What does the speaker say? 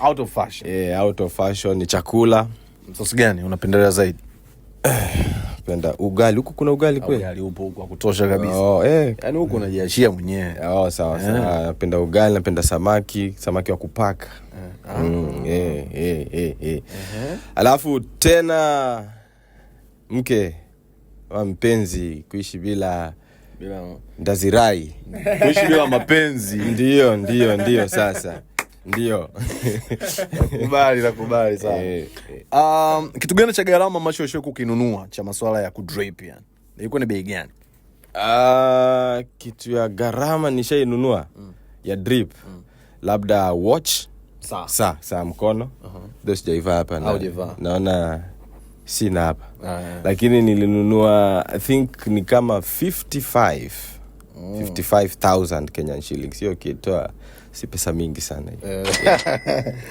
out of fashion. Yeah, out of fashion ni chakula. Sosi gani unapendelea zaidi? Penda ugali huku, kuna ugali kweli? Ugali upo huku kutosha kabisa. Oh, eh. Yaani unajiachia mwenyewe. Oh, sawa eh. sawa. Napenda ugali, napenda samaki, samaki wa kupaka. Eh, ah. Mm, eh, eh, eh, eh. Uh-huh. Alafu tena mke wa mpenzi kuishi bila bila ndazirai kuishi bila mapenzi, ndio ndio ndio sasa ndio. Nakubali, nakubali sana. Eh, eh. Um, kitu gani cha gharama ambacho ushawahi kukinunua cha masuala ya kudrip yani? Ilikuwa ni bei gani? Ah, kitu ya gharama nishainunua mm. ya drip mm. labda watch saa sa, sa mkono uh -huh. sijaivaa hapa na, naona sina hapa ah, yeah. Lakini nilinunua I think ni kama 55 mm. 55000 kenyan shillings hiyo kitoa ah, si pesa mingi sana hiyo eh. yeah. yeah.